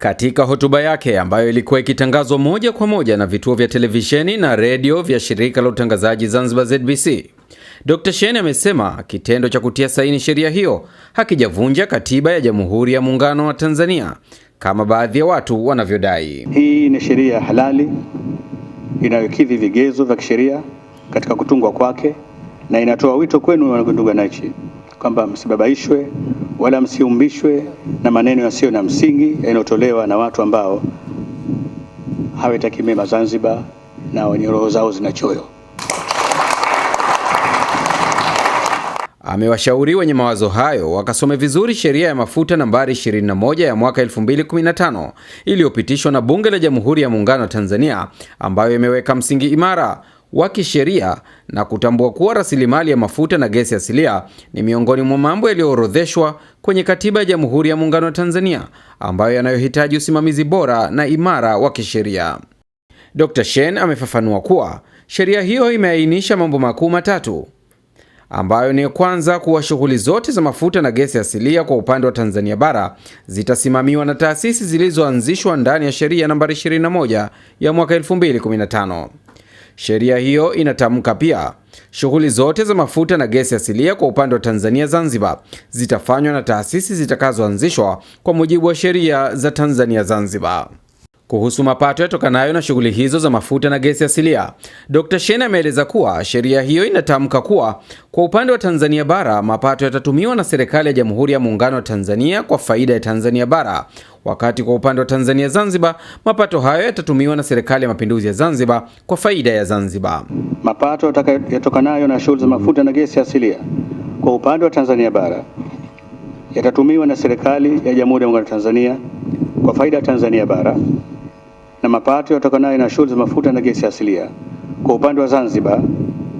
Katika hotuba yake ambayo ilikuwa ikitangazwa moja kwa moja na vituo vya televisheni na redio vya shirika la utangazaji Zanzibar ZBC, Dr. Shein amesema kitendo cha kutia saini sheria hiyo hakijavunja katiba ya Jamhuri ya Muungano wa Tanzania kama baadhi ya watu wanavyodai. Hii ni sheria halali inayokidhi vigezo vya kisheria katika kutungwa kwake na inatoa wito kwenu, ndugu wananchi, kwamba msibabaishwe wala msiumbishwe na maneno yasiyo na msingi yanayotolewa na watu ambao hawataki mema Zanzibar na wenye roho zao zina choyo. Amewashauri wenye mawazo hayo wakasome vizuri sheria ya mafuta nambari 21 ya mwaka 2015 iliyopitishwa na Bunge la Jamhuri ya Muungano wa Tanzania ambayo imeweka msingi imara wa kisheria na kutambua kuwa rasilimali ya mafuta na gesi asilia ni miongoni mwa mambo yaliyoorodheshwa kwenye Katiba ya Jamhuri ya Muungano wa Tanzania ambayo yanayohitaji usimamizi bora na imara wa kisheria. Dr. Shein amefafanua kuwa sheria hiyo imeainisha mambo makuu matatu ambayo ni kwanza, kuwa shughuli zote za mafuta na gesi asilia kwa upande wa Tanzania bara zitasimamiwa na taasisi zilizoanzishwa ndani ya sheria nambari 21 ya mwaka 2015. Sheria hiyo inatamka pia shughuli zote za mafuta na gesi asilia kwa upande wa Tanzania Zanzibar zitafanywa na taasisi zitakazoanzishwa kwa mujibu wa sheria za Tanzania Zanzibar. Kuhusu mapato yatokanayo na shughuli hizo za mafuta na gesi asilia, Dr. Shein ameeleza kuwa sheria hiyo inatamka kuwa kwa upande wa Tanzania bara mapato yatatumiwa na serikali ya Jamhuri ya Muungano wa Tanzania kwa faida ya Tanzania bara, wakati kwa upande wa Tanzania Zanzibar mapato hayo yatatumiwa na serikali ya Mapinduzi ya Zanzibar kwa faida ya Zanzibar. Mapato yatokanayo na shughuli za mafuta na gesi asilia kwa upande wa Tanzania bara yatatumiwa na serikali ya Jamhuri ya Muungano wa Tanzania kwa faida ya Tanzania bara na mapato yatokanayo na shughuli za mafuta na gesi asilia kwa upande wa Zanzibar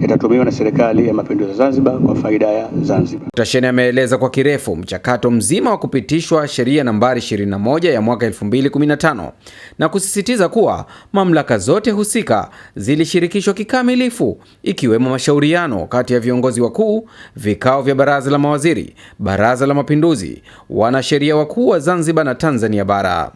itatumiwa na serikali ya mapinduzi ya Zanzibar kwa faida ya Zanzibar. Tasheni ameeleza kwa kirefu mchakato mzima wa kupitishwa sheria nambari 21 ya mwaka 2015 na kusisitiza kuwa mamlaka zote husika zilishirikishwa kikamilifu, ikiwemo mashauriano kati ya viongozi wakuu, vikao vya baraza la mawaziri, baraza la mapinduzi, wanasheria wakuu wa Zanzibar na Tanzania bara.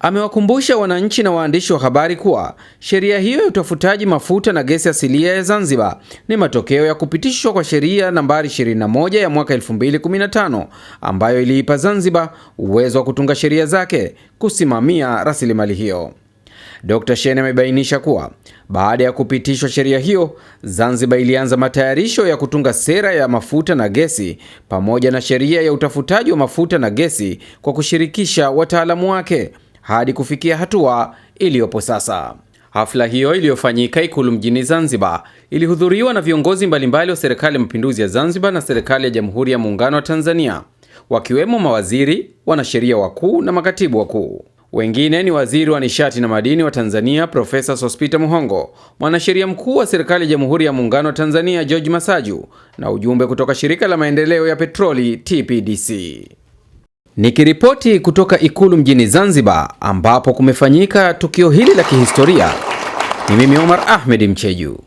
Amewakumbusha wananchi na waandishi wa habari kuwa sheria hiyo ya utafutaji mafuta na gesi asilia ya Zanzibar ni matokeo ya kupitishwa kwa sheria nambari 21 ya mwaka 2015 ambayo iliipa Zanzibar uwezo wa kutunga sheria zake kusimamia rasilimali hiyo. Dr. Shein amebainisha kuwa baada ya kupitishwa sheria hiyo, Zanzibar ilianza matayarisho ya kutunga sera ya mafuta na gesi pamoja na sheria ya utafutaji wa mafuta na gesi kwa kushirikisha wataalamu wake hadi kufikia hatua iliyopo sasa. Hafla hiyo iliyofanyika Ikulu mjini Zanzibar ilihudhuriwa na viongozi mbalimbali wa Serikali ya Mapinduzi ya Zanzibar na Serikali ya Jamhuri ya Muungano wa Tanzania, wakiwemo mawaziri, wanasheria wakuu na makatibu wakuu. Wengine ni Waziri wa Nishati na Madini wa Tanzania Profesa sospita Muhongo, Mwanasheria Mkuu wa Serikali ya Jamhuri ya Muungano wa Tanzania George Masaju na ujumbe kutoka Shirika la Maendeleo ya Petroli TPDC. Nikiripoti kutoka Ikulu mjini Zanzibar ambapo kumefanyika tukio hili la kihistoria, ni mimi Omar Ahmed Mcheju.